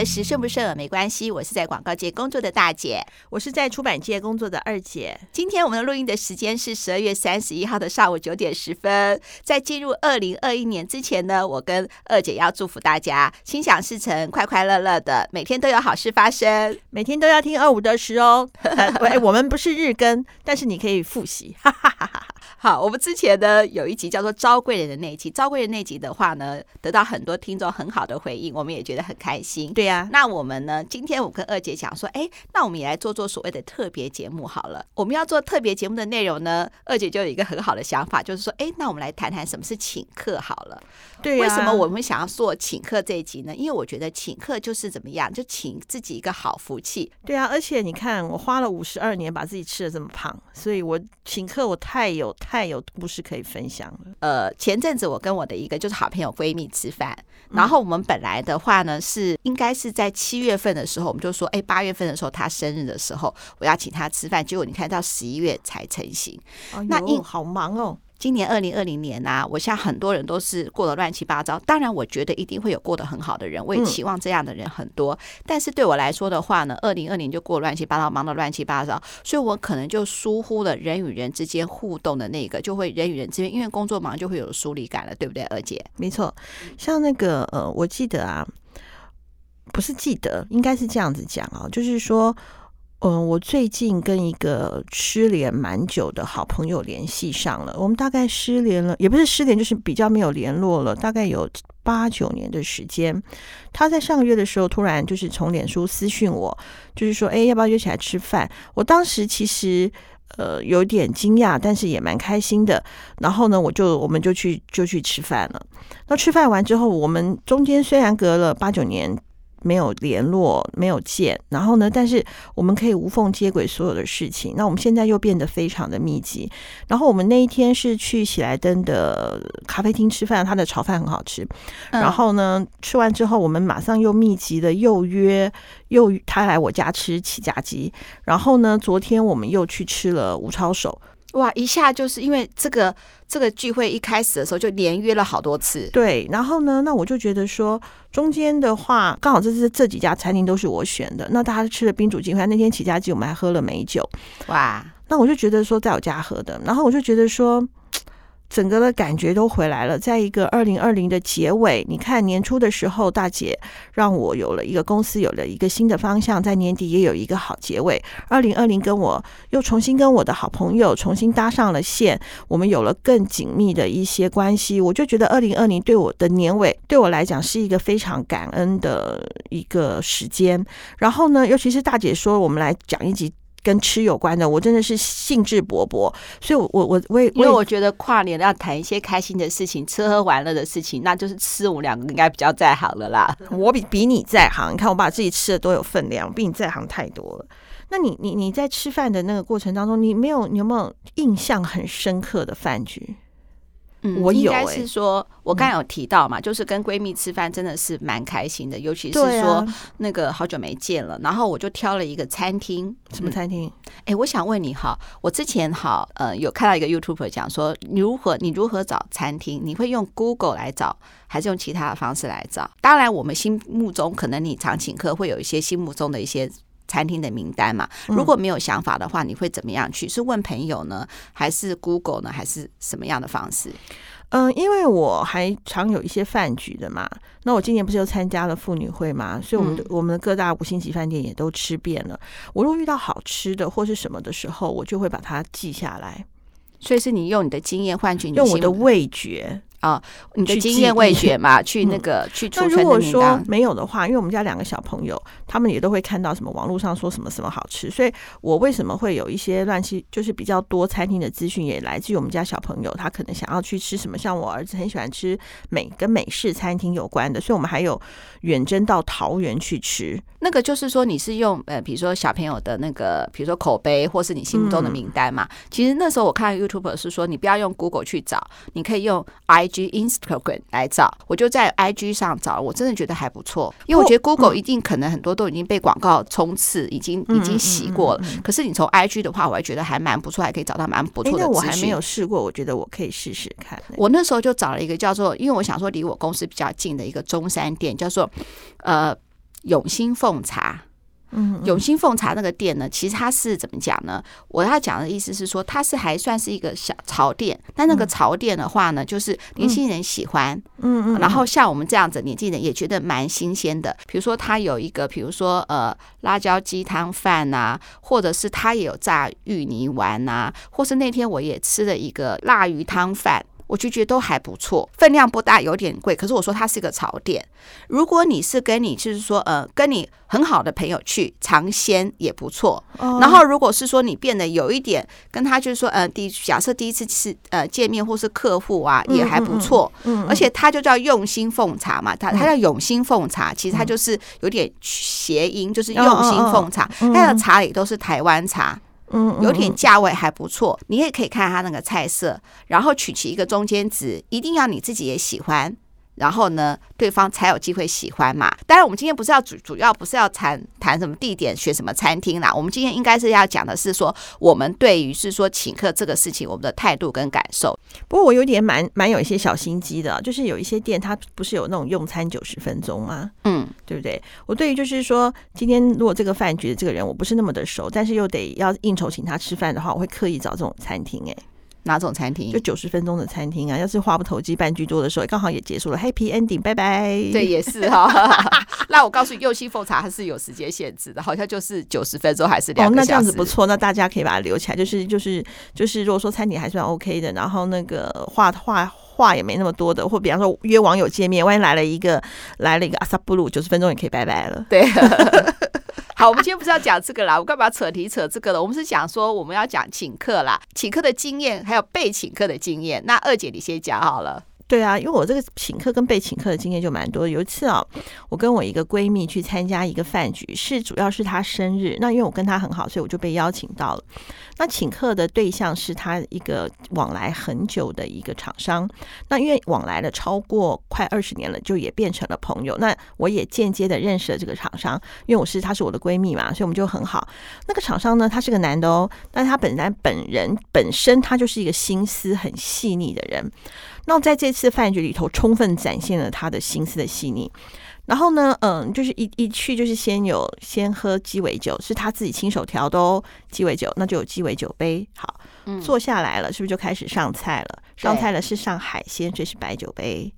得時順不順耳沒關係，我是在廣告界工作的大姐，我是在出版界工作的二姐。今天我們錄音的時間是十二月三十一號的上午九點十分。在進入二零二一年之前呢，我跟二姐要祝福大家心想事成，快快樂樂樂的，每天都有好事發生，每天都要聽二五得時哦、 呃。我們不是日更，但是你可以復習。哈哈哈哈。好，我們之前呢有一集叫做《招貴人》的那一集，《招貴人》那集的話呢，得到很多聽眾很好的回應，我們也覺得很開心。對呀。啊，那我們呢？今天我跟二姐講說，哎，那我們也來做做所謂的特別節目好了。我們要做特別節目的內容呢，二姐就有一個很好的想法，就是說，哎，那我們來談談什麼是請客好了。對、啊，為什麼我們想要做請客這一集呢？因為我覺得請客就是怎麼樣，就請自己一個好福氣。對啊，而且你看，我花了五十二年把自己吃得這麼胖，所以我請客我太有太有故事可以分享了。呃，前陣子我跟我的一個就是好朋友閨蜜吃飯，嗯、然後我們本來的話呢是應該是在七月份的時候，我們就說，哎，八月份的時候她生日的時候我要請她吃飯。結果你看到十一月才成型，哎、呦那你因好忙哦。今年二零二零年吶、啊，我像很多人都是過得亂七八糟。當然，我覺得一定會有過得很好的人，我也期望這樣的人很多。嗯、但是對我來說的話呢，二零二零就過了亂七八糟，忙得亂七八糟，所以我可能就疏忽了人與人之間互動的那個，就會人與人之間因為工作忙就會有疏離感了，對不對，二姐？沒錯，像那個呃，我記得啊，不是記得，應該是這樣子講哦，就是說。嗯，我最近跟一個失聯蠻久的好朋友聯繫上了。我們大概失聯了，也不是失聯，就是比較沒有聯絡了，大概有八九年的時間。他在上個月的時候，突然就是從臉書私訊我，就是說，誒，要不要約起來吃飯？我當時其實呃有點驚訝，但是也蠻開心的。然後呢，我就我們就去就去吃飯了。那吃飯完之後，我們中間雖然隔了八九年。沒有聯絡，沒有見，然後呢，但是我們可以無縫接軌所有的事情。那我們現在又變得非常的密集。然後我們那一天是去喜來登的咖啡廳吃飯，他的炒飯很好吃。然後呢，吃完之後，我們馬上又密集的又約又他來我家吃起家雞。然後呢，昨天我們又去吃了吳抄手。哇！一下就是因為這個這個聚會一開始的時候就連約了好多次，對。然後呢，那我就覺得說，中間的話剛好這是這幾家餐廳都是我選的，那大家吃了賓主盡歡。那天起家雞，我們還喝了美酒。哇！那我就覺得說，在我家喝的。然後我就覺得說。整個的感覺都回來了，在一個二零二零的結尾，你看年初的時候，大姐讓我有了一個公司，有了一個新的方向，在年底也有一個好結尾。二零二零跟我又重新跟我的好朋友重新搭上了線，我們有了更緊密的一些關係。我就覺得二零二零對我的年尾，對我來講是一個非常感恩的一個時間。然後呢，尤其是大姐說，我們來講一集。跟吃有關的，我真的是興致勃勃，所以我，我我我也我也因為我覺得跨年要談一些開心的事情，吃喝玩樂的事情，那就是吃，我們兩個應該比較在行了啦。 我比比你在行，你看我把自己吃的都有分量，比你在行太多了。那你你你在吃飯的那個過程當中，你沒有你有沒有印象很深刻的飯局？嗯、我、欸、應該是說，我剛剛有提到嘛，嗯、就是跟閨蜜吃飯真的是蠻開心的，尤其是說那個好久沒見了，然後我就挑了一個餐廳。嗯、什麼餐廳？哎、欸，我想問你哈，我之前哈呃有看到一個 YouTuber 講說，你如何你如何找餐廳，你會用 Google 來找，還是用其他的方式來找？當然，我們心目中可能你常請客會有一些心目中的一些，餐廳的名單嘛，如果沒有想法的話，嗯、你會怎麼樣去？是問朋友呢，還是 Google 呢，還是什麼樣的方式？嗯，因為我還常有一些飯局的嘛，那我今年不是又參加了婦女會嘛，所以我們的、嗯、我們的各大五星級飯店也都吃遍了。我如果遇到好吃的或是什麼的時候，我就會把它記下來。所以是你用你的經驗換取，你用我的味覺。啊、哦，你的經驗未選嘛？去那個去。做、 嗯。如果說沒有的話，因為我們家兩個小朋友，他們也都會看到什麼網絡上說什麼什麼好吃，所以我為什麼會有一些亂七就是比較多餐廳的資訊，也來自於我們家小朋友。他可能想要去吃什麼，像我兒子很喜歡吃美跟美式餐廳有關的，所以我們還有遠征到桃園去吃。那個就是說，你是用呃，比如說小朋友的那個，比如說口碑，或是你心目中的名單嘛？嗯、其實那時候我看 YouTuber 是說，你不要用 Google 去找，你可以用 IG。去 Instagram 來找，我就在 IG 上找，我真的覺得還不錯，因為我覺得 Google 一定可能很多都已經被廣告充斥，哦嗯、已經已經洗過了。嗯嗯嗯嗯、可是你從 IG 的話，我還覺得還蠻不錯，還可以找到蠻不錯的資訊。欸，我還沒有試過，我覺得我可以試試看，欸。我那時候就找了一個叫做，因為我想說離我公司比較近的一個中山店，叫做呃永心鳳茶。嗯嗯，永興鳳茶那個店呢，其實它是怎麼講呢？我要講的意思是說，它是還算是一個小潮店，但那個潮店的話呢，就是年輕人喜歡，嗯，然後像我們這樣子年輕人也覺得蠻新鮮的。嗯嗯嗯。比如說，它有一個，比如說呃，辣椒雞湯飯啊，或者是它也有炸芋泥丸啊，或是那天我也吃了一個辣魚湯飯。我就覺得都還不錯，分量不大，有點貴。可是我說它是一個槽點。如果你是跟你，就是說，呃，跟你很好的朋友去嘗鮮也不錯。然後，如果是說你變得有一點跟他，就是說，呃，第假設第一次呃見面或是客戶啊，也還不錯。嗯嗯嗯嗯，而且他就叫用心奉茶嘛，他他叫永心鳳茶，其實他就是有點諧音，就是用心奉茶。他的茶裡都是台灣茶。嗯，有點價位還不錯，你也可以看它那個菜色，然後取其一個中間值，一定要你自己也喜歡。然後呢，對方才有機會喜歡嘛。當然，我們今天不是要主主要不是要談談什麼地點選什麼餐廳啦。我們今天應該是要講的是說，我們對於是說請客這個事情，我們的態度跟感受。不過我有點蠻蠻有一些小心機的啊，就是有一些店它不是有那種用餐九十分鐘嗎？啊？嗯，對不對？我對於就是說，今天如果這個飯局的這個人我不是那麼的熟，但是又得要應酬請他吃飯的話，我會刻意找這種餐廳哎，欸。哪種餐廳？就九十分鐘的餐廳啊！要是話不投機半句多的時候，剛好也結束了，Happy Ending，拜拜。對，也是哈、哦。 那我告訴你，右期奉茶它是有時間限制的，好像就是九十分鐘還是兩小時。哦，那這樣子不錯，那大家可以把它留起來。就是就是就是，就是、如果說餐廳還算 OK 的，然後那個話話話也沒那麼多的，或比方說約網友見面，萬一來了一個來了一個阿薩布魯，九十分鐘也可以拜拜了。對。 好，我們今天不是要講這個啦，我們幹嘛扯題扯這個的，我們是講說我們要講請客啦，請客的經驗，還有被請客的經驗。那二姐你先講好了。對啊，因為我這個請客跟被請客的經驗就蠻多。有一次啊，我跟我一個閨蜜去參加一個飯局，是主要是她生日。那因為我跟她很好，所以我就被邀請到了。那請客的對象是她一個往來很久的一個廠商。那因為往來了超過快二十年了，就也變成了朋友。那我也間接的認識了這個廠商，因為我是她是我的閨蜜嘛，所以我們就很好。那個廠商呢，他是個男的哦，但他本來本人本身他就是一個心思很細膩的人。那我在這次飯局裡頭，充分展現了他的心思的細膩。然後呢，嗯，就是一一去就是先有先喝雞尾酒，是他自己親手調的哦，雞尾酒那就有雞尾酒杯。好，坐下來了，是不是就開始上菜了？上菜了是上海鮮，這對是白酒杯。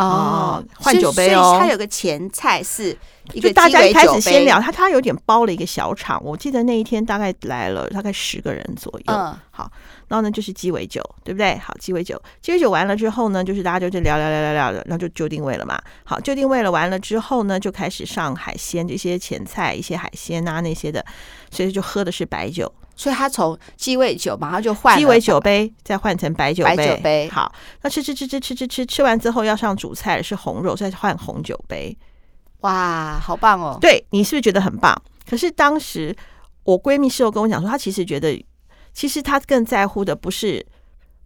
哦，換酒杯哦。嗯，所以，所以它有個前菜是一個雞尾酒杯。就大家一開始先聊他，他有點包了一個小場。我記得那一天大概來了大概十個人左右。嗯，好，然後呢，就是雞尾酒，對不對？好，雞尾酒，雞尾酒完了之後呢，就是大家就在聊聊聊聊聊，然後就就定位了嘛。好，就定位了，完了之後呢，就開始上海鮮這些前菜，一些海鮮啊那些的，所以就喝的是白酒。所以他從雞尾酒，他從雞尾酒馬上就換雞尾酒杯，再換成白酒杯。白酒杯。好，那吃吃吃吃吃吃吃吃完之後，要上主菜是紅肉，再換紅酒杯。哇，好棒哦！對，你是不是覺得很棒？可是當時我閨蜜事後跟我講說，她其實覺得，其實她更在乎的不是。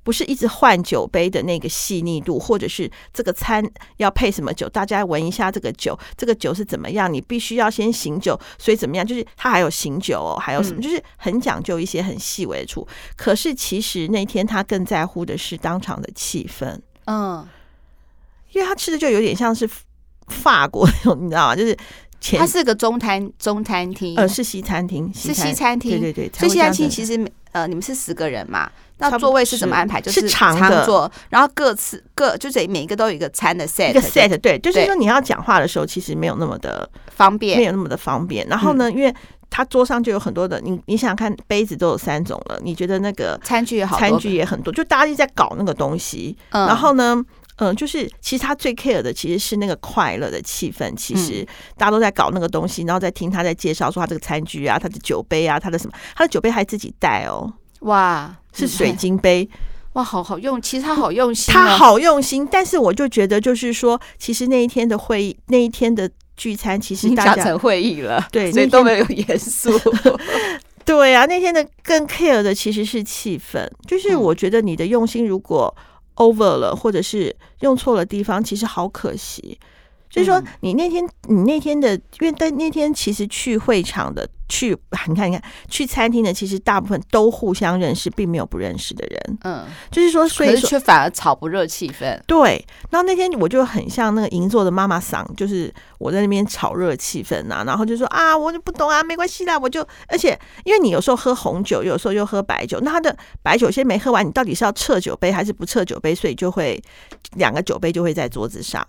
不是一直換酒杯的那個細膩度，或者是這個餐要配什麼酒，大家聞一下這個酒，這個酒是怎麼樣？你必須要先醒酒，所以怎麼樣？就是他還有醒酒，還有什麼？就是很講究一些很細微的處。嗯，可是其實那天他更在乎的是當場的氣氛，嗯，因為他吃的就有點像是法國，你知道嗎？就是他是個中餐中餐廳，呃，是西餐廳，西餐廳是西餐廳，對對對，所以西餐廳其實呃，你們是十個人嘛。那座位是怎麼安排？是就是長的，是長座，然後各次各就是每一個都有一個餐的 set，一個 set。對，對，就是說你要講話的時候，其實沒有那麼的方便，沒有那麼的方便。然後呢，嗯、因為他桌上就有很多的，你你想想看，杯子都有三種了。你覺得那個餐具也好，餐具也很多，就大家一直在搞那個東西。嗯、然後呢，嗯，就是其實他最 care 的其實是那個快樂的氣氛。其實大家都在搞那個東西，嗯、然後在聽他在介紹說他這個餐具啊，他的酒杯啊，他的什麼，他的酒杯還自己帶哦。哇，是水晶杯，嗯，哇，好好用。其實他好用心，啊，他好用心。但是我就覺得，就是說，其實那一天的會議，那一天的聚餐，其實加成會議了，對，所以都沒有嚴肅。 對啊，那天的更 care 的其實是氣氛。就是我覺得你的用心如果 over 了，嗯、或者是用錯了地方，其實好可惜。所以說，你那天你那天的，因為在那天其實去會場的，去你看你看去餐廳的，其實大部分都互相認識，並沒有不認識的人。嗯，就是說，所以說，可是卻反而炒不熱氣氛。對，然後那天我就很像那個銀座的媽媽桑，就是我在那邊炒熱氣氛啊，然後就說啊，我就不懂啊，沒關係啦，我就而且因為你有時候喝紅酒，有時候又喝白酒，那他的白酒先沒喝完，你到底是要撤酒杯還是不撤酒杯，所以就會兩個酒杯就會在桌子上。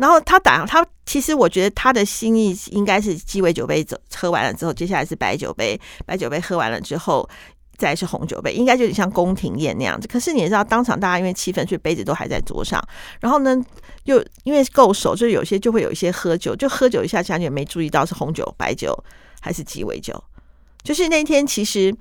然後他打他，其實我覺得他的心意應該是雞尾酒杯走喝完了之後，接下來是白酒杯，白酒杯喝完了之後，再來是紅酒杯，應該有點像宮廷宴那樣子。可是你也知道，當場大家因為氣氛，所以杯子都還在桌上。然後呢，又因為夠熟，就有些就會有一些喝酒，就喝酒一下下，你也沒注意到是紅酒、白酒還是雞尾酒。就是那天其實。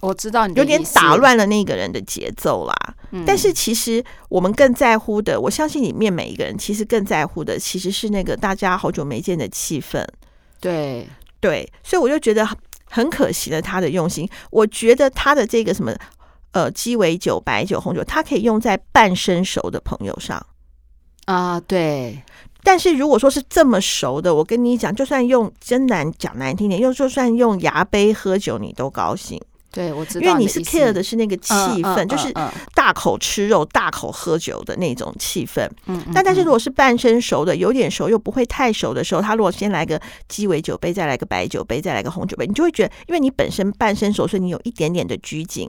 我知道你有點打亂了那個人的節奏啦，嗯、但是其實我們更在乎的，我相信裡面每一個人其實更在乎的，其實是那個大家好久沒見的氣氛。對對，所以我就覺得很很可惜了他的用心。我覺得他的這個什麼呃雞尾酒、白酒、紅酒，他可以用在半生熟的朋友上啊。對，但是如果說是這麼熟的，我跟你講，就算用真難講難聽點，用就算用牙杯喝酒，你都高興。對，我知道，因為你是 care 的是那個氣氛，呃呃呃、就是大口吃肉、大口喝酒的那種氣氛嗯。嗯，嗯但，但是如果是半生熟的，有點熟又不會太熟的時候，他如果先來個雞尾酒杯，再來個白酒杯，再來個紅酒杯，你就會覺得，因為你本身半生熟，所以你有一點點的拘謹。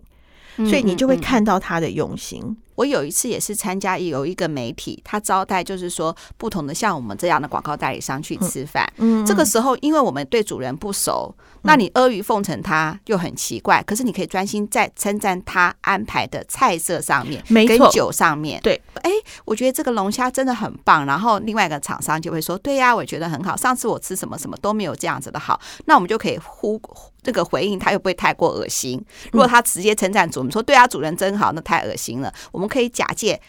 所以你就會看到他的用心，嗯。我有一次也是參加有一個媒體，他招待就是說不同的像我們這樣的廣告代理商去吃飯。嗯，這個時候因為我們對主人不熟，嗯、那你阿諛奉承他就很奇怪。可是你可以專心在稱讚他安排的菜色上面，沒錯，跟酒上面，對。誒、欸，我覺得這個龍蝦真的很棒。然後另外一個廠商就會說：“對呀、啊，我覺得很好。上次我吃什麼什麼都沒有這樣子的好。”那我們就可以呼，呼這個回應，他又不會太過噁心。如果他直接稱讚主，我們、嗯、說：“對呀、啊，主人真好。”那太噁心了。我們可以假借。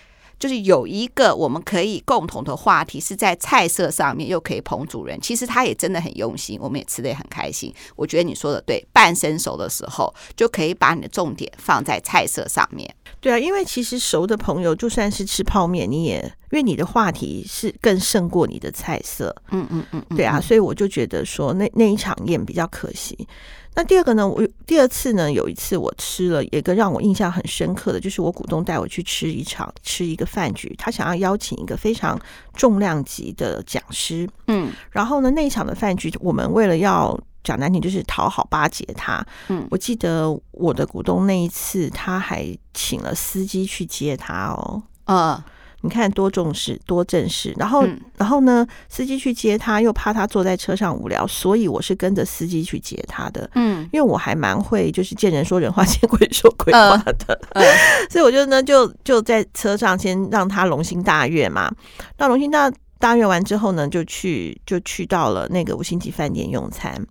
就是有一個我們可以共同的話題，是在菜色上面又可以捧主人。其實他也真的很用心，我們也吃得也很開心。我覺得你說的對，半生熟的時候就可以把你的重點放在菜色上面。對啊，因為其實熟的朋友就算是吃泡麵，你也因為你的話題是更勝過你的菜色。嗯嗯、嗯嗯嗯，對啊，所以我就覺得說那那一場宴比較可惜。那第二個呢？我第二次呢？有一次我吃了一個讓我印象很深刻的，就是我股東帶我去吃一場吃一個飯局，他想要邀請一個非常重量級的講師。嗯，然後呢，那一場的飯局，我們為了要講難聽，就是討好巴結他。嗯，我記得我的股東那一次，他還請了司機去接他哦。啊、哦。你看多重視，多正式。然後，嗯、然後呢，司機去接他，又怕他坐在車上無聊，所以我是跟着司機去接他的。嗯，因為我還蠻會，就是見人說人話，見鬼說鬼話的。呃呃、 所以我覺得呢，就就在車上先讓他龍心大悅嘛。那龍心大。大約完之後呢，就去就去到了那個五星級飯店用餐。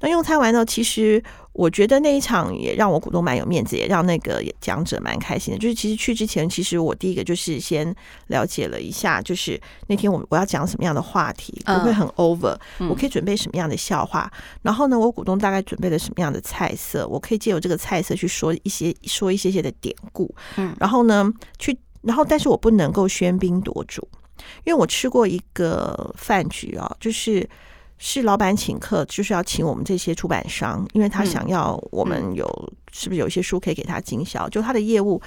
那用餐完呢，其實我覺得那一場也讓我股東蠻有面子，也讓那個講者蠻開心的。就是其實去之前，其實我第一個就是先了解了一下，就是那天我我要講什麼樣的話題，不會很 over，我可以準備什麼樣的笑話。然後呢，我股東大概準備了什麼樣的菜色，我可以借由這個菜色去說一些說一些些的典故。嗯，然後呢，去然後但是我不能夠喧賓奪主。因為我吃過一個飯局哦，就是是老闆請客，就是要請我們這些出版商，因為他想要我們有、嗯、是不是有一些書可以給他經銷，就他的業務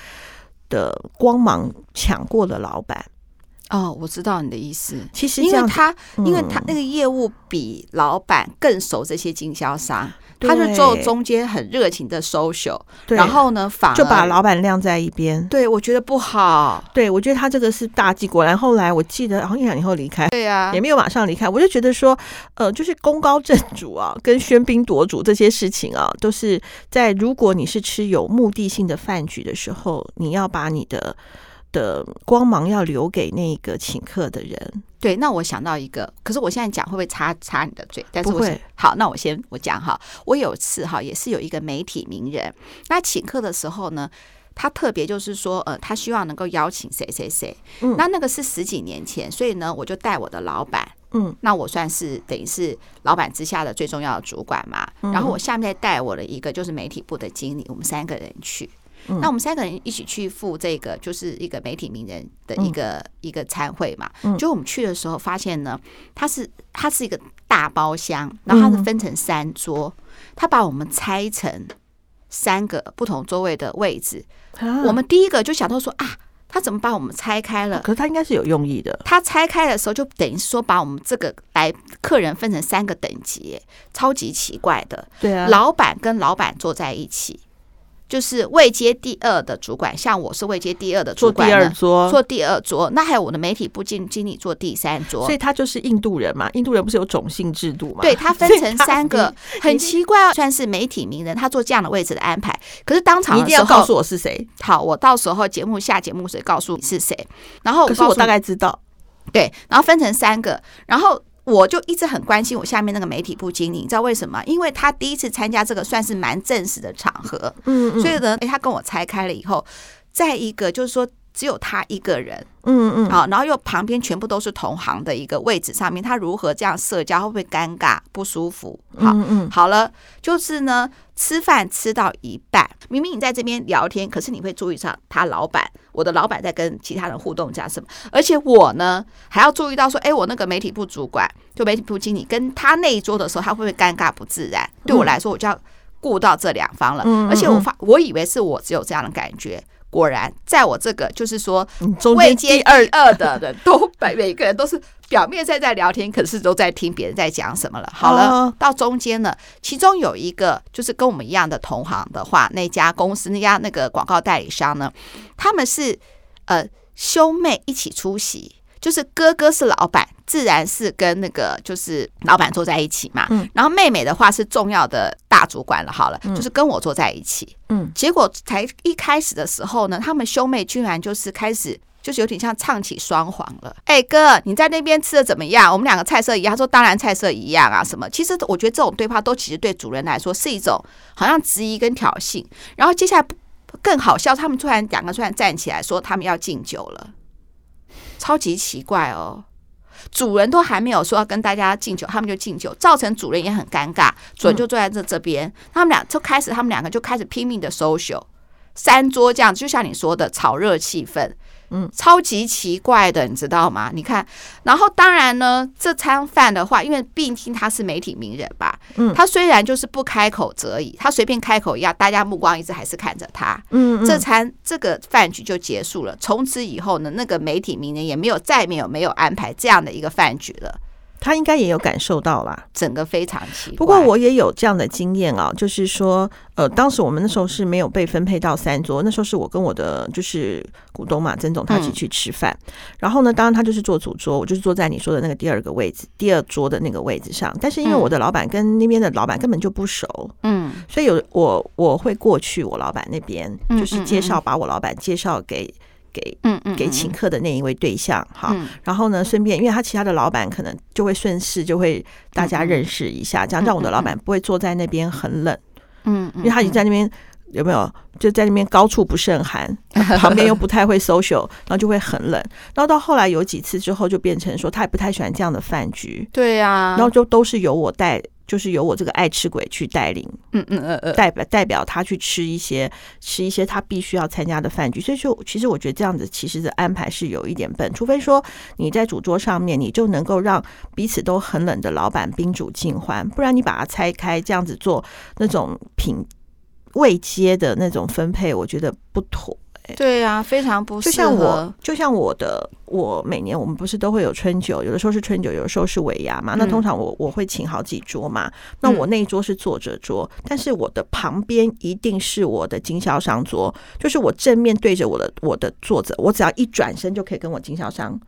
的光芒搶過了老闆。哦，我知道你的意思。其實，因為他，嗯、因為他那個業務比老板更熟這些經銷商，對他是做中間很熱情的 social，對然後呢，反就把老板晾在一邊。對，我覺得不好。對，我覺得他這個是大忌。果然後來，我記得好像一兩年以後離開，對呀、啊，也沒有馬上離開。我就覺得說，呃，就是功高震主啊，跟喧賓奪主這些事情啊，都是在如果你是吃有目的性的飯局的時候，你要把你的。的光芒要留給那個請客的人。對，那我想到一個，可是我現在講會不會插插你的嘴？但是我不會。好，那我先我講哈，我有次哈也是有一個媒體名人，那請客的時候呢，他特別就是說，呃，他希望能夠邀請誰誰誰。嗯，那那個是十幾年前，所以呢，我就帶我的老板，嗯，那我算是等於是老板之下的最重要的主管嘛，嗯、然後我下面再帶我的一個就是媒體部的經理，我們三個人去。那我們三個人一起去赴這個，就是一個媒體名人的一個、嗯、一個餐會嘛。就我們去的時候發現呢，它是它是一個大包廂，然後它是分成三桌，他、嗯、把我們拆成三個不同座位的位置。啊、我們第一個就想到說啊，他怎麼把我們拆開了？啊、可是他應該是有用意的。他拆開的時候，就等於說把我們這個來客人分成三個等級，超級奇怪的。對啊，老板跟老板坐在一起。就是位階第二的主管，像我是位階第二的主管，坐第二桌，坐第二桌。那還有我的媒體部經經理坐第三桌。所以他就是印度人嘛，印度人不是有種姓制度嘛？對，他分成三個，很奇怪啊，算是媒體名人，他坐這樣的位置的安排。可是當場一定要告訴我是誰。好，我到時候節目下節目誰告訴你是誰。然後我告可是我大概知道，對，然後分成三個，然後。我就一直很關心我下面那個媒體部經理，你知道為什麼？因為他第一次參加這個算是蠻正式的場合，嗯，所以呢，他跟我拆開了以後，再一個就是說。只有他一個人，嗯嗯，好，然後又旁邊全部都是同行的一個位置上面，他如何這樣社交，會不會尷尬不舒服？好，嗯，嗯，好了，就是呢，吃飯吃到一半，明明你在這邊聊天，可是你會注意到他老板，我的老板在跟其他人互動這樣什麼，而且我呢還要注意到說，哎，我那個媒體部主管，就媒體部經理跟他那一桌的時候，他會不會尷尬不自然？嗯、對我來說，我就要顧到這兩方了，嗯嗯嗯，而且我發，我以為是我只有這樣的感覺。果然，在我這個就是說，中間第二的人都每每個人都是表面在在聊天，可是都在聽別人在講什麼了。好了、嗯，中在在了好了到中間了，其中有一個就是跟我們一樣的同行的話，那家公司那家那個廣告代理商呢，他們是呃兄妹一起出席。就是哥哥是老闆，自然是跟那個就是老闆坐在一起嘛。嗯，然後妹妹的話是重要的大主管了，好了，嗯、就是跟我坐在一起。嗯，結果才一開始的時候呢，他們兄妹居然就是開始，就是有點像唱起雙簧了。哎，哥，你在那邊吃的怎麼樣？我們兩個菜色一樣，他說當然菜色一樣啊，什麼？其實我覺得這種對話都其實對主人來說是一種好像質疑跟挑釁。然後接下來更好笑，他們突然兩個突然站起來說他們要敬酒了。超級奇怪哦，主人都還沒有說要跟大家敬酒，他們就敬酒，造成主人也很尷尬。主人就坐在這這邊，嗯、他們倆就開始，他們兩個就開始拼命的 social，三桌這樣子，就像你說的，炒熱氣氛。嗯，超級奇怪的，你知道嗎？你看，然後當然呢，這餐飯的話，因為畢竟他是媒體名人吧，嗯，他雖然就是不開口則已，他隨便開口一樣，大家目光一直還是看着他，嗯，這餐這個飯局就結束了。從此以後呢，那個媒體名人也沒有再沒有沒有安排這樣的一個飯局了。他應該也有感受到啦，整個非常奇怪。不過我也有這樣的經驗啊，就是說，呃，當時我們那時候是沒有被分配到三桌，那時候是我跟我的就是股東嘛，曾總他一起去吃飯，嗯、然後呢，當然他就是坐主桌，我就是坐在你說的那個第二個位置，第二桌的那個位置上。但是因為我的老闆跟那邊的老闆根本就不熟，嗯，所以有我我會過去我老闆那邊，就是介紹，嗯嗯嗯，把我老闆介紹給。給嗯嗯，給請客的那一位對象哈、嗯嗯，然後呢，順便因為他其他的老闆可能就會順勢就會大家認識一下，嗯、這樣讓我的老闆不會坐在那邊很冷，嗯，嗯，因為他已經在那邊有沒有就在那邊高處不勝寒，旁邊又不太會 social， 然後就會很冷，然後到後來有幾次之後就變成說他也不太喜歡這樣的飯局，對呀、啊，然後就都是由我帶。就是由我這個愛吃鬼去帶領，嗯嗯呃呃，代表代表他去吃一些吃一些他必須要參加的飯局，所以說其實我覺得這樣子其實的安排是有一點笨，除非說你在主桌上面，你就能夠讓彼此都很冷的老闆賓主盡歡，不然你把它拆開這樣子做那種品位階的那種分配，我覺得不妥。對呀、啊，非常不適合。就像我，就像我的，我每年我們不是都會有春酒，有的時候是春酒，有的時候是尾牙嘛。那通常我、嗯、我會請好幾桌嘛。那我那一桌是作者桌，嗯、但是我的旁邊一定是我的經銷商桌，就是我正面對着我的我的作者，我只要一轉身就可以跟我經銷商。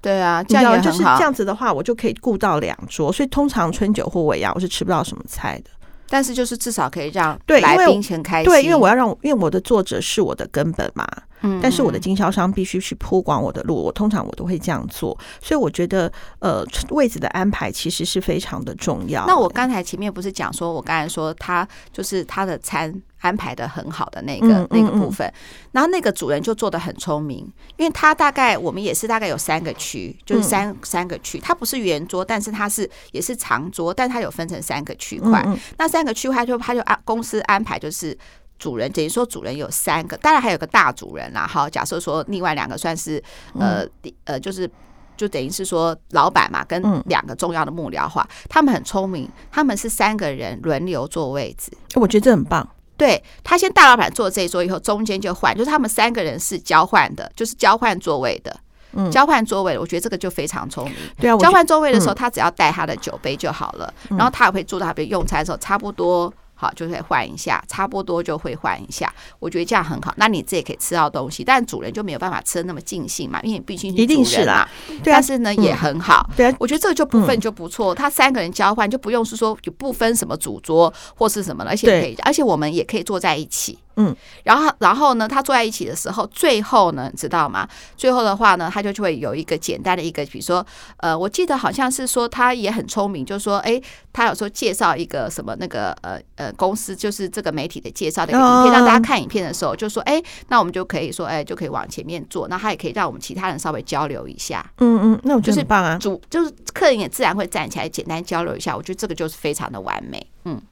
對啊，這樣就是這樣子的話，我就可以顧到兩桌。所以通常春酒或尾牙，我是吃不到什麼菜的。但是就是至少可以讓來賓很開心。對，因為，對，因為我要讓，因為我的作者是我的根本嘛。嗯嗯。但是我的經銷商必須去鋪廣我的路。我通常我都會這樣做，所以我覺得呃，位置的安排其實是非常的重要的。那我剛才前面不是講說，我剛才說他就是他的餐。安排的很好的那個、嗯嗯嗯、那個部分，然後那個主人就做的很聰明，因為他大概我們也是大概有三個區，就是三、嗯、三個區，他不是圓桌，但是他是也是長桌，但他有分成三個區塊，嗯嗯、那三個區塊就他就按、啊、公司安排就是主人，等於說主人有三個，當然還有個大主人啦、啊，哈，假設說另外兩個算是呃、嗯、呃，就是就等於是說老闆嘛，跟兩個重要的幕僚話，嗯、他們很聰明，他們是三個人輪流坐位置，我覺得這很棒。對，他先大老闆坐這一桌以後，中間就換，就是他們三個人是交換的，就是交換座位的，嗯、交換座位。我覺得這個就非常聰明。對、啊、交換座位的時候，他只要帶他的酒杯就好了。嗯、然後他也會坐到他邊用餐的時候，差不多。好，就會換一下，差不多就會換一下。我覺得這樣很好，那你自己可以吃到東西，但主人就沒有辦法吃的那麼盡興嘛，因為你畢竟是主人、啊、一定是啦、啊、但是呢，嗯、也很好，啊啊、我覺得這就部分就不錯。嗯、他三個人交換，就不用是說就不分什麼主桌或是什麼了，而且可以，對而且我們也可以坐在一起。嗯，然後，然後呢？他坐在一起的時候，最後呢，你知道嗎？最後的話呢，他就會有一個簡單的一個，比如說，呃，我記得好像是說他也很聰明，就是說，哎，他有時候介紹一個什麼那個呃呃公司，就是這個媒體的介紹的影片，可以、哦、讓大家看影片的時候，就說，哎，那我們就可以說，哎，就可以往前面坐，那他也可以讓我們其他人稍微交流一下。嗯嗯，那我覺得很棒啊，就主就是客人也自然會站起來簡單交流一下，我覺得這個就是非常的完美。嗯。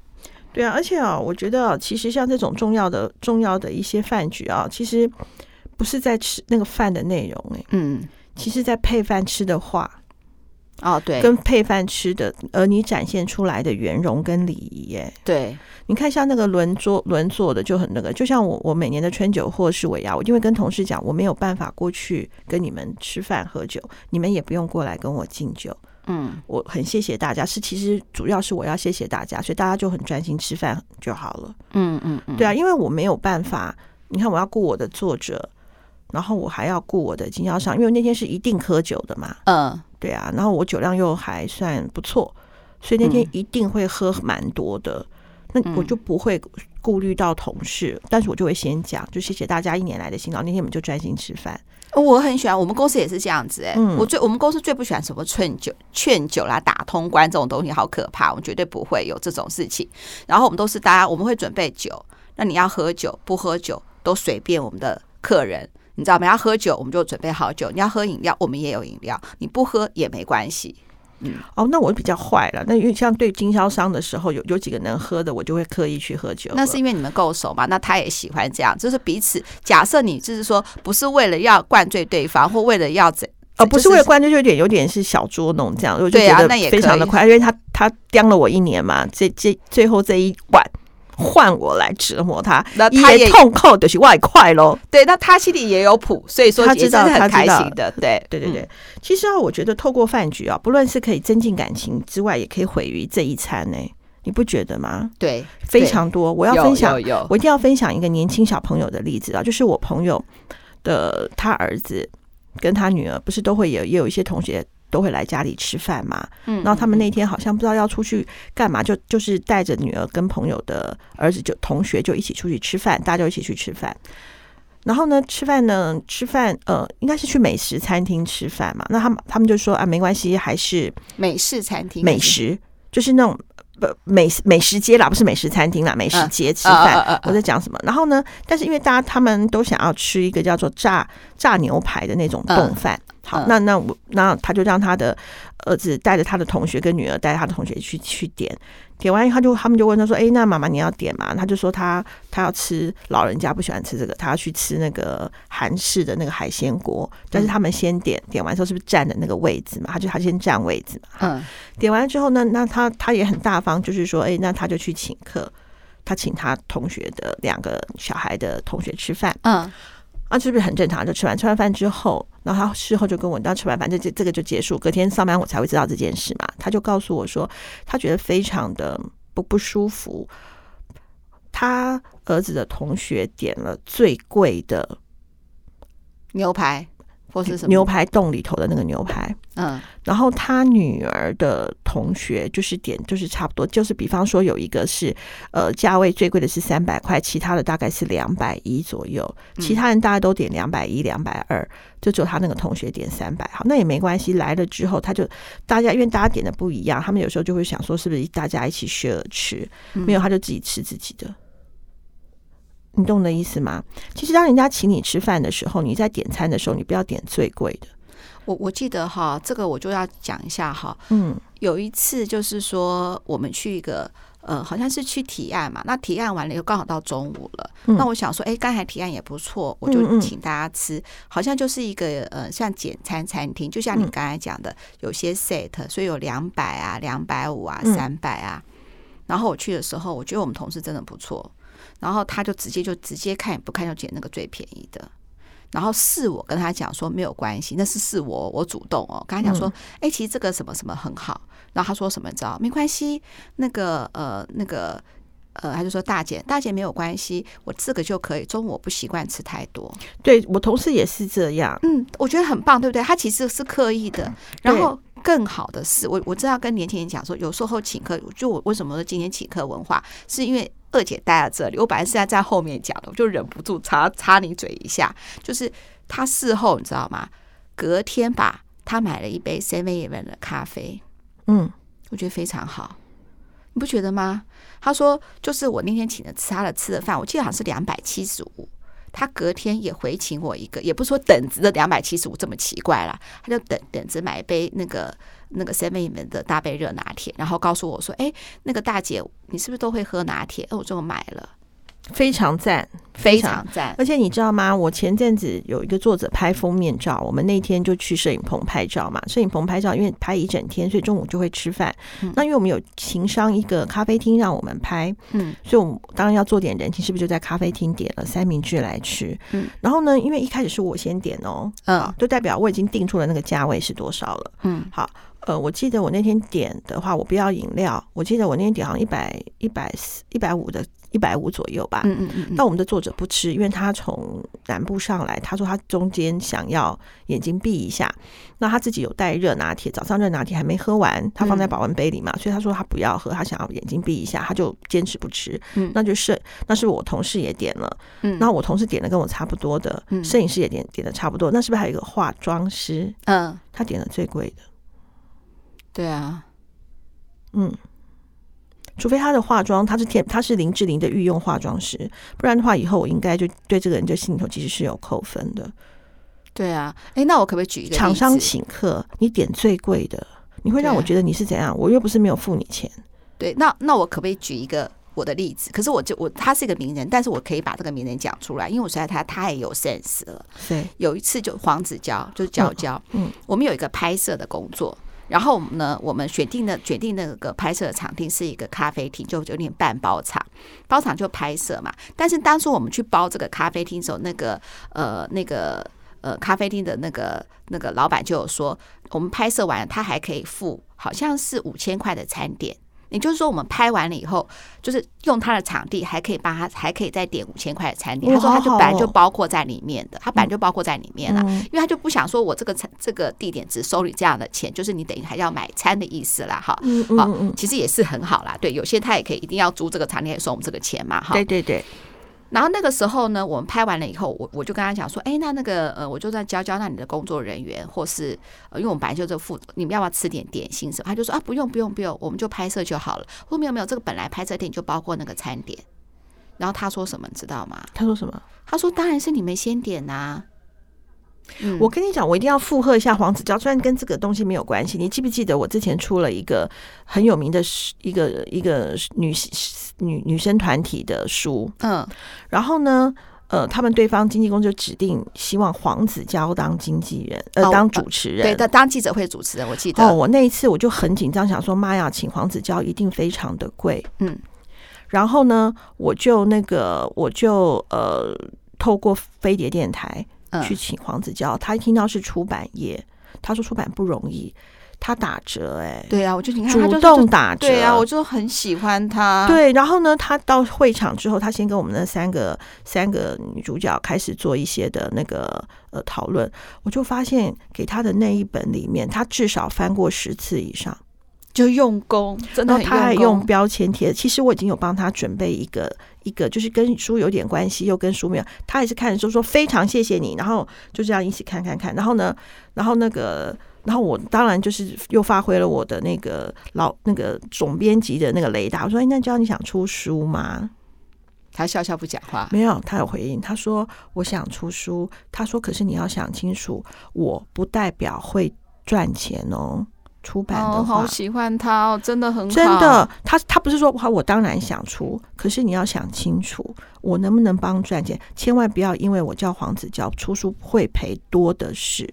對啊，而且啊，我覺得、啊、其實像這種重要的、重要的一些飯局啊，其實不是在吃那個飯的內容、欸、嗯，其實在配飯吃的話，哦，對，跟配飯吃的，而你展現出來的圓融跟禮儀、欸，哎，對，你看像那個輪桌輪坐的就很那個，就像我我每年的春酒或是尾牙，我就會跟同事講，我沒有辦法過去跟你們吃飯喝酒，你們也不用過來跟我敬酒。嗯，我很謝謝大家。是，其實主要是我要謝謝大家，所以大家就很專心吃飯就好了。嗯嗯，對啊，因為我沒有辦法，你看我要顧我的作者，然後我還要顧我的經銷商，因為那天是一定喝酒的嘛。嗯，對啊，然後我酒量又還算不錯，所以那天一定會喝蠻多的。那我就不會顧慮到同事，但是我就會先講，就謝謝大家一年來的辛勞。那天我們就專心吃飯。我很喜歡，我們公司也是這樣子、欸嗯、我最我們公司最不喜歡什麼勸酒、勸酒啦、打通關這種東西，好可怕！我們絕對不會有這種事情。然後我們都是大家，我們會準備酒。那你要喝酒，不喝酒都隨便我們的客人，你知道嗎？要喝酒，我們就準備好酒；你要喝飲料，我們也有飲料。你不喝也沒關係。嗯，哦，那我比較壞了。那因為像對經銷商的時候有，有有幾個能喝的，我就會刻意去喝酒。那是因為你們夠熟嘛？那他也喜歡這樣，就是彼此。假設你就是說，不是為了要灌醉對方，或為了要怎？就是、哦，不是為了灌醉，就有點有點是小捉弄這樣。我就覺得非常的快，啊、因為他他叼了我一年嘛，這這最,最後這一晚。換我來折磨他，那他也他的痛苦就是外快嘍。對，那他心裡也有譜，所以說知道的很開心的。對，對對對。嗯、其實啊，我覺得透過飯局啊，不論是可以增進感情之外，也可以毀於這一餐呢、欸。你不覺得嗎？對，非常多。我要分享，我一定要分享一個年輕小朋友的例子啊，就是我朋友的他兒子跟他女兒，不是都會有也有一些同學。都會來家裡吃飯嘛，嗯，嗯，然後他們那天好像不知道要出去幹嘛，就就是帶着女兒跟朋友的兒子就同學就一起出去吃飯，大家就一起去吃飯。然後呢，吃飯呢，吃飯，呃，應該是去美食餐廳吃飯嘛。那他們他們就說啊，沒關係，還是美食，美式餐廳，美食就是那種。不美食美食街啦，不是美食餐廳啦，美食街吃飯。Uh, uh, uh, uh, uh, 我在講什麼？然後呢？但是因為大家他們都想要吃一個叫做炸炸牛排的那種丼飯。Uh, uh, 好，那那我那他就讓他的兒子帶着他的同學跟女兒帶他的同學去去點。點完以後，就他們就問他說：“哎，那媽媽你要點嗎？”他就說他：“他他要吃老人家不喜歡吃這個，他要去吃那個韓式的那個海鮮鍋。”但是他們先點，點完之後是不是占的那個位置嘛？他就他先占位置嘛。哈，點完之後呢，那他他也很大方，就是說，哎，那他就去請客，他請他同學的兩個小孩的同學吃飯。嗯。啊，是不是很正常？就吃完吃完飯之後。然後他事後就跟我，你剛吃完飯，這這這個就結束，隔天上班我才會知道這件事嘛。他就告訴我說，他覺得非常的不不舒服。他兒子的同學點了最貴的牛排。牛排洞裡頭的那個牛排，嗯，然後他女兒的同學就是點就是差不多，就是比方說有一個是，呃，價位最貴的是三百塊，其他的大概是兩百一左右，其他人大家都點兩百一兩百二，就只有他那個同學點三百，好，那也沒關係。來了之後，他就大家因為大家點的不一樣，他們有時候就會想說，是不是大家一起 share 吃？沒有，他就自己吃自己的。你懂我的意思嗎？其實當人家請你吃飯的時候，你在點餐的時候，你不要點最貴的。我我記得哈，這個我就要講一下哈。嗯，有一次就是說我們去一個呃，好像是去提案嘛。那提案完了又剛好到中午了。嗯、那我想說，哎、欸，剛才提案也不錯，我就請大家吃。嗯嗯好像就是一個呃，像簡餐餐廳，就像你剛才講的，嗯、有些 set，所以有兩百啊、兩百五啊、三百、嗯嗯、啊。然後我去的時候，我覺得我們同事真的不錯。然後他就直接就直接看不看就撿那個最便宜的。然後是我跟他講說沒有關係，那是是我我主動哦，跟他講說，哎、嗯，其實這個什麼什麼很好。然後他說什麼你知道，沒關係。那個呃那個呃，他就說大姐大姐沒有關係，我這個就可以。中午我不習慣吃太多。對我同事也是這樣，嗯，我覺得很棒，對不對？他其實是刻意的。然後更好的是我我知道跟年輕人講說，有時候請客，就我為什麼說今天請客文化，是因為。二姐待在這裡，我本來是在在後面講的，我就忍不住插插你嘴一下。就是他事後你知道嗎？隔天吧，他買了一杯 Seven Eleven 的咖啡，嗯，我覺得非常好，你不覺得嗎？他說就是我那天請他吃他的吃的飯，我記得好像是兩百七十五。他隔天也回請我一個，也不是說等值的兩百七十五這麼奇怪啦，他就等等值買一杯那個那個 7-Eleven 的大杯熱拿鐵，然後告訴我說：“哎，那個大姐，你是不是都會喝拿鐵？”哎、哦，我就買了。非常贊，非常贊！常而且你知道嗎？我前陣子有一個作者拍封面照，我們那天就去攝影棚拍照嘛。攝影棚拍照，因為拍一整天，所以中午就會吃飯。嗯，那因為我們有情商一個咖啡廳讓我們拍，嗯，所以我們當然要做點人情，是不是就在咖啡廳點了三明治來吃？嗯，然後呢，因為一開始是我先點哦，嗯，就代表我已經定出了那個價位是多少了。嗯，好。呃，我記得我那天點的話，我不要飲料。我記得我那天點好像一百一百四一百五的一百五左右吧。嗯嗯嗯。那、嗯嗯、我們的作者不吃，因為他從南部上來，他說他中間想要眼睛閉一下。那他自己有帶熱拿鐵，早上熱拿鐵還沒喝完，他放在保溫杯裡嘛，嗯、所以他說他不要喝，他想要眼睛閉一下，他就堅持不吃。嗯。那就是，那是，是我同事也點了，嗯。那我同事點的跟我差不多的，攝影師也點點的差不多，那是不是還有一個化妝師？嗯，他點的最貴的。對啊，嗯，除非他的化妝，他是天，他是林志玲的御用化妝師，不然的話，以後我應該就對這個人就心裡頭其實是有扣分的。對啊，哎，那我可不可以舉一個廠商請客？你點最貴的，你會讓我覺得你是怎樣？啊、我又不是沒有付你錢。對，那那我可不可以舉一個我的例子？可是我就我他是一個名人，但是我可以把這個名人講出來，因為我實在他太有 sense 了。對，有一次就黃子佼，就是佼佼，嗯，我們有一個拍攝的工作。然後呢，我們選定的、選定那個拍攝的場地是一個咖啡廳，就有點半包場，包場就拍攝嘛。但是當初我們去包這個咖啡廳的時候，那個呃，那個呃，咖啡廳的那個那個老闆就有說，我們拍攝完了他還可以付，好像是五千塊的餐點。也就是說，我們拍完了以後，就是用他的場地，還可以幫他，還可以再點五千塊的餐點。好好哦、他說，他就本來就包括在裡面的，嗯、他本來就包括在裡面了、啊，嗯、因為他就不想說，我這個這個地點只收你這樣的錢，就是你等於還要買餐的意思啦，哈。好、嗯嗯嗯，其實也是很好啦。對，有些他也可以一定要租這個場地，來收我們這個錢嘛，哈。對對對。然後那個時候呢，我們拍完了以後，我我就跟他講說，哎，那那個呃，我就在教教那裡的工作人員，或是、呃、因為我們本來就是負責，你們要不要吃點點心什麼？他就說啊，不用不用不用，我們就拍攝就好了。我說沒有沒有，這個本來拍攝點就包括那個餐點。然後他說什麼，你知道嗎？他說什麼？他說當然是你們先點吶、啊。我跟你講，我一定要附和一下黃子佼，雖然跟這個東西沒有關係。你記不記得我之前出了一個很有名的一個一個女性女女生團體的書？嗯，然後呢，呃，他們對方經紀公司就指定希望黃子佼當經紀人，呃，當主持人。哦對，對，當記者會主持人。我記得哦，我那一次我就很緊張，想說媽呀，請黃子佼一定非常的貴，嗯，然後呢，我就那個，我就呃，透過飛碟電台。去請黃子佼，他一聽到是出版業，他說出版不容易，他打折哎、欸，對啊，我就你看他就，主動打折就就，對啊，我就很喜歡他。對，然後呢，他到會場之後，他先跟我們那三個三個女主角開始做一些的那個呃討論，我就發現給他的那一本裡面，他至少翻過十次以上。就用功，真的，他還用標籤貼。其實我已經有幫他準備一個一個，就是跟書有點關係，又跟書沒有。他也是看，就說非常謝謝你，然後就這樣一起看看看。然後呢，然後那個，然後我當然就是又發揮了我的那個老那個總編輯的那個雷達。我說，欸：“那叫你想出書嗎？”他笑笑不講話，沒有，他有回應。他說：“我想出書。”他說：“可是你要想清楚，我不代表會賺錢哦。”出版的話，哦，好喜歡他哦，真的很好。真的，他他不是說，我當然想出，可是你要想清楚，我能不能幫賺錢？千萬不要因為我叫黃子佼出書會賠多的是。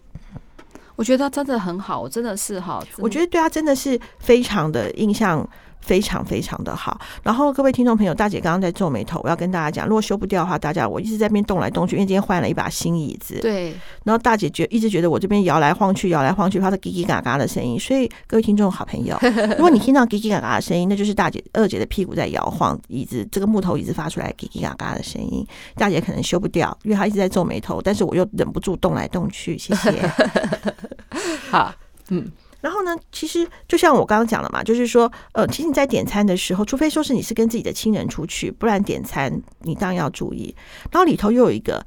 我覺得他真的很好，我真的是好，我覺得對他真的是非常的印象。非常非常的好，然後各位聽眾朋友，大姐剛剛在皺眉頭，我要跟大家講，如果修不掉的話，大家我一直在這邊動來動去，因為今天換了一把新椅子，對，然後大姐覺一直覺得我這邊搖來晃去，搖來晃去發出嘰嘰嘎嘎的聲音，所以各位聽眾好朋友，如果你聽到嘰嘰嘎嘎的聲音， 那就是大姐二姐的屁股在搖晃，椅子這個木頭椅子發出來嘰嘰嘎嘎的聲音，大姐可能修不掉，因為她一直在皺眉頭，但是我又忍不住動來動去，謝謝， 好，嗯。然後呢，其實就像我剛剛講了嘛，就是說，呃，其實你在點餐的時候，除非說是你是跟自己的親人出去，不然點餐你當然要注意。然後裡頭又有一個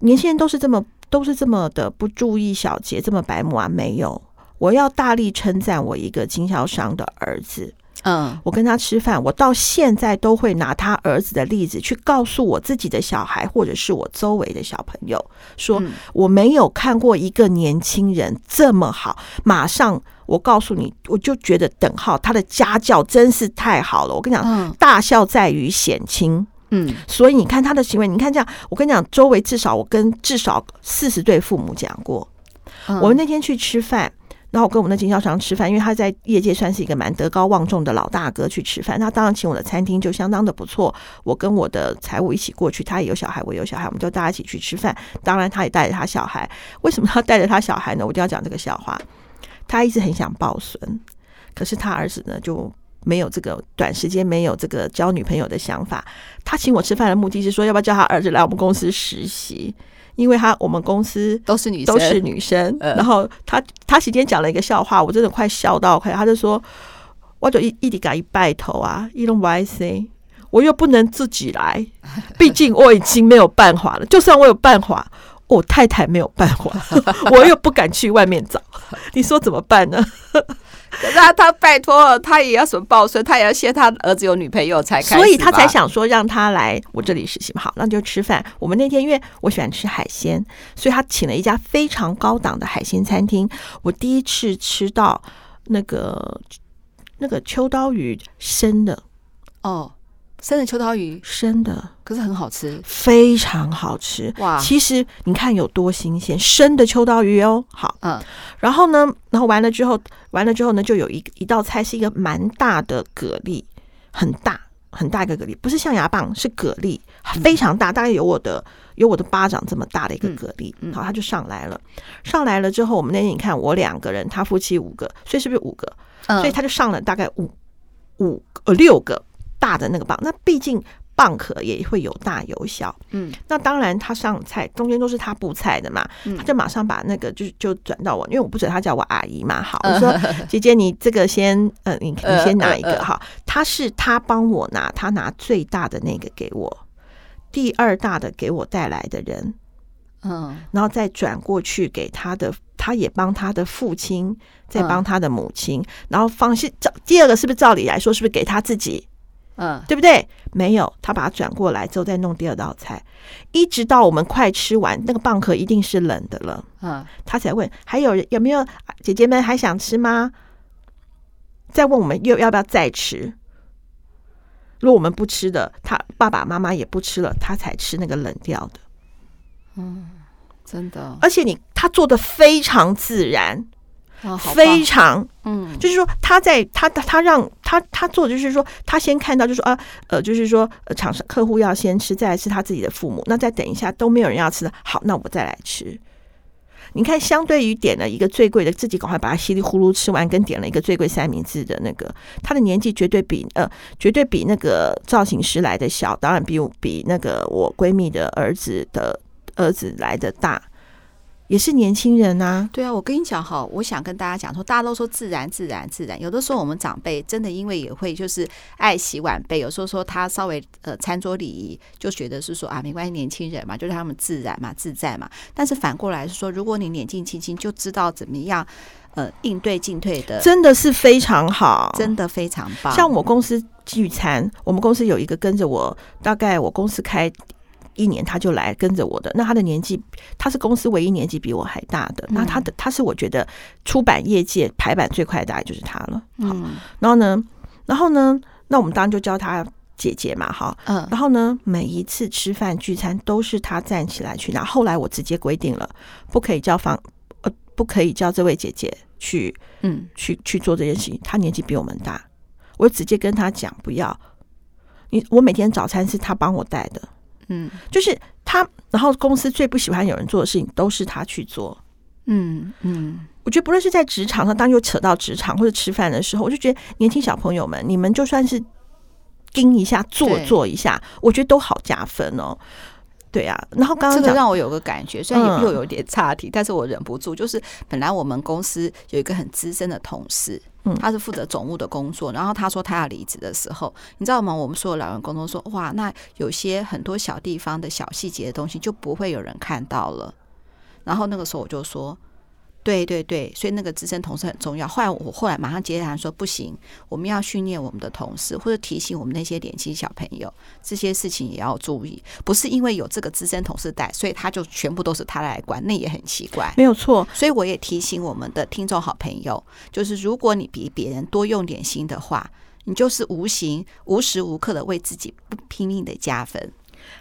年輕人，都是這麼都是這麼的不注意小節，這麼白目啊？沒有，我要大力稱讚我一個經銷商的兒子。嗯，uh, 我跟他吃飯，我到現在都會拿他兒子的例子去告訴我自己的小孩或者是我周圍的小朋友，說、嗯、我沒有看過一個年輕人這麼好。馬上，我告訴你，我就覺得等號他的家教真是太好了。我跟你講，uh, 大孝在於顯親，嗯，um, 所以你看他的行為，你看這樣，我跟你講，周圍至少我跟至少四十對父母講過，uh, 我們那天去吃飯。然後我跟我們的經銷商吃飯，因為他在業界算是一個蠻德高望重的老大哥，去吃飯，他當然請我的餐廳就相當的不錯。我跟我的財務一起過去，他也有小孩，我也有小孩，我們就大家一起去吃飯。當然，他也帶着他小孩。為什麼他帶着他小孩呢？我就要講這個笑話。他一直很想抱孫，可是他兒子呢就沒有這個短時間沒有這個交女朋友的想法。他請我吃飯的目的是說，要不要叫他兒子來我們公司實習。因為他我們公司都是女都是女生，女生嗯、然後他他今天講了一個笑話，我真的快笑到掛。他就說：“我就一一地感一拜頭啊，一人不愛我又不能自己來，畢竟我已經沒有辦法了。 就算我有辦法。”我太太沒有辦法， 我又不敢去外面找， 你說怎麼辦呢？那 他，他拜托，他也要什麼報，所以他也要謝他兒子有女朋友才開始，所以他才想說讓他來我這裡實習，好，那就吃飯。我們那天因為我喜歡吃海鮮，所以他請了一家非常高檔的海鮮餐廳。我第一次吃到那個那個秋刀魚生的哦。生的秋刀魚，生的，可是很好吃，非常好吃哇！其實你看有多新鮮，生的秋刀魚哦，好，嗯，然後呢，然後完了之後，完了之後呢，就有一一道菜是一個蠻大的蛤蜊，很大很大一個蛤蜊，不是象牙蚌，是蛤蜊，非常大，嗯、大概有我的有我的巴掌這麼大的一個蛤蜊，嗯、好，他就上來了。上來了之後，我們那天你看我兩個人，他夫妻五個，所以是不是五個？嗯、所以他就上了大概五五呃六個。大的那個蚌，那畢竟蚌殼也會有大有小，嗯，那當然他上菜中間都是他布菜的嘛，嗯、他就馬上把那個就是就轉到我，因為我不准他叫我阿姨嘛，好，我說 姐姐你這個先，嗯、呃，你你先拿一個哈，他是他幫我拿，他拿最大的那個給我，第二大的給我帶來的人，嗯，然後再轉過去給他的，他也幫他的父親，再幫他的母親，嗯、然後放是照，第二個是不是照理來說是不是給他自己？嗯，對不對？沒有，他把它轉過來之後再弄第二道菜，一直到我們快吃完，那個蚌殼一定是冷的了。嗯，他才問還有人有沒有姐姐們還想吃嗎？再問我們又要不要再吃？如果我們不吃的，他爸爸媽媽也不吃了，他才吃那個冷掉的。嗯，真的，而且你他做得非常自然。非常，啊、好嗯，就是說他在他他讓他他做的就是說，他先看到就是說啊呃就是說廠商客戶要先吃，再來吃他自己的父母，那再等一下都沒有人要吃的，好那我再來吃。你看，相對於點了一個最貴的，自己趕快把它稀里呼嚕吃完，跟點了一個最貴三明治的那個，他的年紀絕對比呃絕對比那個造型師來的小，當然比我比那個我閨蜜的兒子的兒子來的大。也是年輕人吶、啊，對啊，我跟你講哈，我想跟大家講說，大家都說自然自然自然，有的時候我們長輩真的因為也會就是愛惜晚輩，有時候說他稍微呃餐桌禮儀就覺得是說，啊沒關係，年輕人嘛，就讓他們自然嘛自在嘛。但是反過來是說，如果你年紀輕輕就知道怎麼樣呃應對進退的，真的是非常好，呃、真的非常棒。像我公司聚餐，我們公司有一個跟着我，大概我公司開。一年他就來跟着我的，那他的年紀，他是公司唯一年紀比我還大的。嗯、那他的他是我覺得出版業界排版最快的大概就是他了。好，嗯、然後呢，然後呢，那我們當然就叫他姐姐嘛，哈，嗯，然後呢，每一次吃飯聚餐都是他站起來去拿。後來我直接規定了，不可以叫房，呃，不可以叫這位姐姐去，嗯，去去做這件事情。他年紀比我們大，我直接跟他講，不要。你我每天早餐是他幫我帶的。嗯，就是他，然後公司最不喜歡有人做的事情都是他去做。嗯嗯，嗯，我覺得不論是在職場上，當又扯到職場或者吃飯的時候，我就覺得年輕小朋友們，你們就算是盯一下、做做一下，對我覺得都好加分哦。對呀，然後剛剛這個讓我有個感覺，雖然又有點岔題，嗯、但是我忍不住，就是本來我們公司有一個很資深的同事，他是負責總務的工作，然後他說他要離職的時候，你知道嗎？我們所有老員工都說，哇，那有些很多小地方的小細節的東西就不會有人看到了。然後那個時候我就說。對對對，所以那個資深同事很重要。後來我後來馬上接下來說不行，我們要訓練我們的同事，或者提醒我們那些年輕小朋友，這些事情也要注意。不是因為有這個資深同事帶，所以他就全部都是他來管，那也很奇怪。沒有錯，所以我也提醒我們的聽眾好朋友，就是如果你比別人多用點心的話，你就是無形無時無刻的為自己不拼命的加分。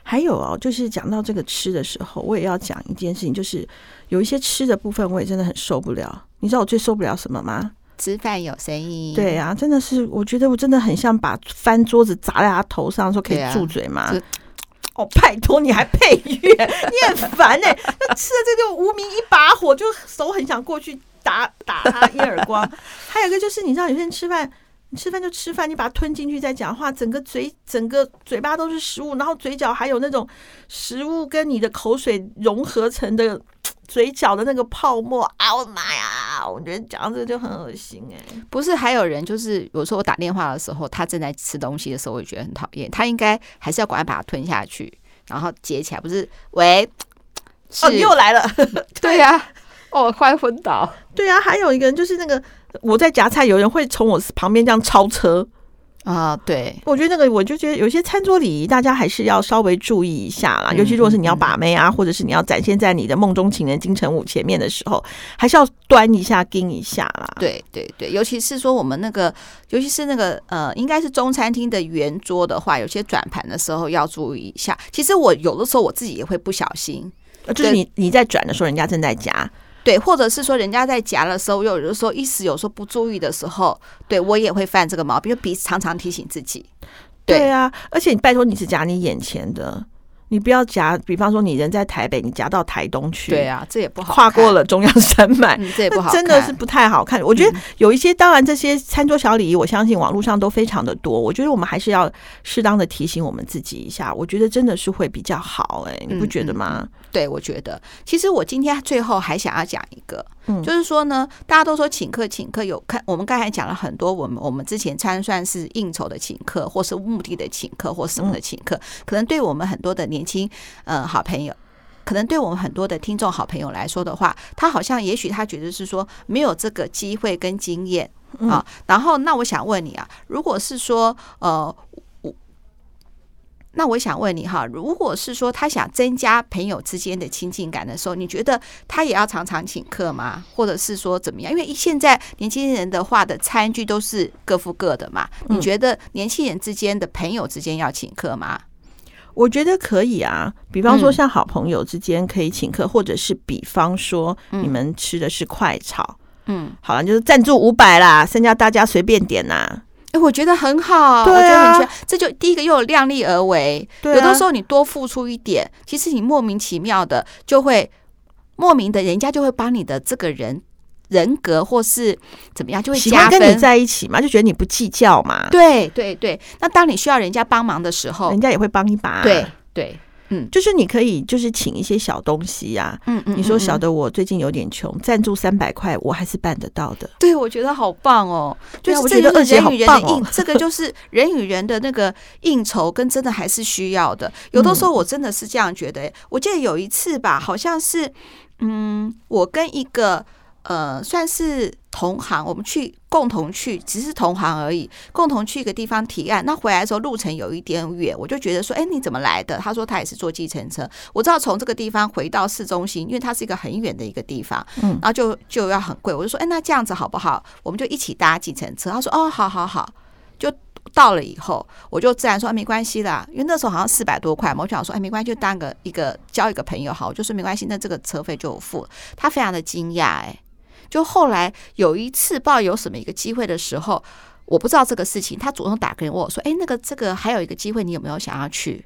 還有哦，就是講到這個吃的時候，我也要講一件事情，就是有一些吃的部分，我也真的很受不了。你知道我最受不了什麼嗎？吃飯有聲音。對啊，真的是，我覺得我真的很想把翻桌子砸在他頭上，說可以住嘴嗎？啊、哦，拜託，你還配樂？你很煩呢、欸。 那吃了這個就無名一把火，就手很想過去打打他一耳光。 還有一個就是，你知道有些人吃飯。你吃飯就吃飯，你把它吞進去再講話，整個嘴整個嘴巴都是食物，然後嘴角還有那種食物跟你的口水融合成的嘴角的那個泡沫啊！我的媽呀，我覺得講這個就很噁心哎、欸。不是還有人就是，有時候我打電話的時候，他正在吃東西的時候，我也覺得很討厭。他應該還是要趕快把它吞下去，然後接起來。不是，餵？哦，又來了。 對呀、啊。哦，快昏倒！對啊，還有一個人就是那個我在夾菜，有人會從我旁邊這樣超車啊。對，我覺得那個我就覺得有些餐桌禮儀，大家還是要稍微注意一下啦，嗯、尤其如果是你要把妹啊，嗯、或者是你要展現在你的夢中情人金城武前面的時候，還是要端一下、盯一下啦。對對對，尤其是說我們那個，尤其是那個呃，應該是中餐廳的圓桌的話，有些轉盤的時候要注意一下。其實我有的時候我自己也會不小心，就是你你在轉的時候，人家正在夾。對，或者是說，人家在夾的時候，有的時候一時有時候不注意的時候，對我也會犯這個毛病，就必須常常提醒自己。對，對啊，而且你拜託，你是夾你眼前的，嗯、你不要夾。比方說，你人在台北，你夾到台東去，對啊，這也不好看，跨過了中央山脈，對嗯、這也不好，真的是不太好看。我覺得有一些，嗯、當然這些餐桌小禮儀，我相信網絡上都非常的多。我覺得我們還是要適當的提醒我們自己一下，我覺得真的是會比較好、欸。哎，你不覺得嗎？嗯嗯對，我覺得其實我今天最後還想要講一個，嗯，就是說呢，大家都說請客請客有看，我們剛才講了很多，我們我們之前參算，算是應酬的請客，或是目的的請客，或什麼的請客，嗯、可能對我們很多的年輕呃好朋友，可能對我們很多的聽眾好朋友來說的話，他好像也許他覺得是說沒有這個機會跟經驗啊，嗯、然後那我想問你啊，如果是說呃。那我想問你哈，如果是說他想增加朋友之間的親近感的時候，你覺得他也要常常請客嗎？或者是說怎麼樣？因為現在年輕人的話的餐具都是各付各的嘛，嗯、你覺得年輕人之間的朋友之間要請客嗎？我覺得可以啊，比方說像好朋友之間可以請客，嗯、或者是比方說你們吃的是快炒，嗯，好了，就是贊助五百啦，剩下大家隨便點吶、啊。我覺得很好，對啊、我覺得很全。這就第一個，又有量力而為。對啊、有的時候你多付出一點，其實你莫名其妙的就會，莫名的人家就會幫你的這個人人格或是怎麼樣，就會加分，喜歡跟你在一起嘛，就覺得你不計較嘛。對對對，那當你需要人家幫忙的時候，人家也會幫一把。對對。對嗯，就是你可以就是請一些小東西呀、啊，嗯嗯，嗯嗯，你說小的，我最近有點窮，贊助三百塊我還是辦得到的。對，我覺得好棒哦，就是這個人與人的應，哎哦、這個就是人與人的那個應酬，跟真的還是需要的。 有的時候我真的是這樣覺得，我記得有一次吧，好像是，嗯，我跟一個。呃，算是同行，我們去共同去，只是同行而已。共同去一個地方提案，那回來的時候路程有一點遠，我就覺得說，哎，你怎麼來的？他說他也是坐計程車。我知道從這個地方回到市中心，因為它是一個很遠的一個地方，嗯，然後就就要很貴。我就說，哎，那這樣子好不好？我們就一起搭計程車。他說，哦，好好好，就到了以後，我就自然說，哎，沒關係啦。因為那時候好像四百多塊。我就想說，哎，沒關係，就當個一個交一個朋友好，就是沒關係。那這個車費就付，他非常的驚訝，哎。就後來有一次抱有什麼一個機會的時候，我不知道這個事情，他主動打給我說：“哎、欸，那個這個還有一個機會，你有沒有想要去？”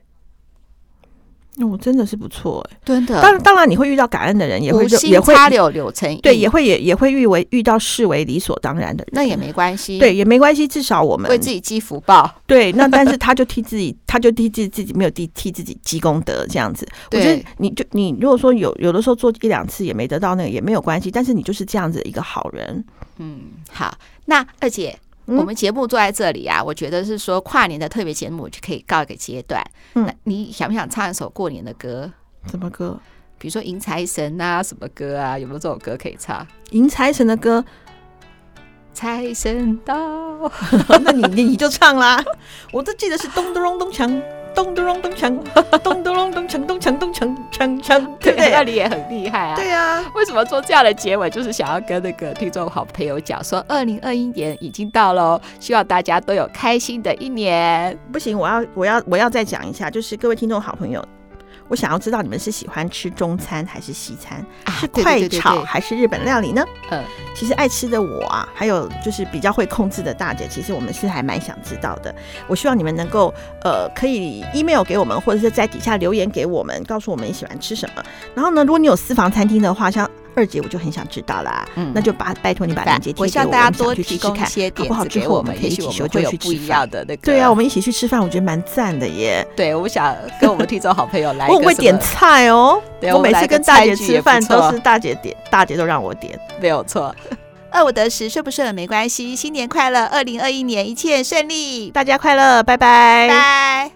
那我、哦、真的是不錯哎、欸，真的。當然當然你會遇到感恩的人，也會也會插柳柳成蔭，對，也會也也會遇為遇到視為理所當然的人，那也沒關係，對，也沒關係。至少我們為自己積福報，對。那但是他就替自己， 他就替自己就替自己沒有替替自己積功德，這樣子。對我覺得你就你如果說有有的時候做一兩次也沒得到那個也沒有關係，但是你就是這樣子一個好人。嗯，好，那二姐。嗯、我們節目坐在這裡啊，我覺得是說跨年的特別節目就可以告一個階段。嗯、那你想不想唱一首過年的歌？什麼歌？比如說《迎財神》啊，什麼歌啊？有沒有這首歌可以唱？迎財神的歌，《財神到》。 那你你就唱啦！ 我都記得是咚咚咚咚鏘。咚咚咚咚鏘，咚咚咚咚鏘，咚鏘咚鏘咚鏘，對不對？那你也很厲害啊！對啊，為什麼做這樣的結尾？就是想要跟那個聽眾好朋友講，說二零二一年已經到了，希望大家都有開心的一年。不行，我要我要我要再講一下，就是各位聽眾好朋友。我想要知道你們是喜歡吃中餐還是西餐，啊、是快炒還是日本料理呢？呃、啊，對對對對。其實愛吃的我啊，還有就是比較會控制的大姐，其實我們是還蠻想知道的。我希望你們能夠呃，可以 email 給我們，或者是在底下留言給我們，告訴我們你喜歡吃什麼。然後呢，如果你有私房餐廳的話，像。二姐，我就很想知道啦、啊，嗯、那就把拜託你把鏈接貼給我，我們一起去吃，吃看，好不好？之後我們可以一起修就去吃飯。對啊，我們一起去吃飯，我覺得蠻贊的耶。對，我想跟我們聽眾好朋友來我會點菜哦。我，菜我每次跟大姐吃飯都是大姐點，大姐都讓我點，沒有錯。二五得十，順不順沒關係，新年快樂，二零二一年一切順利，大家快樂，拜拜，拜。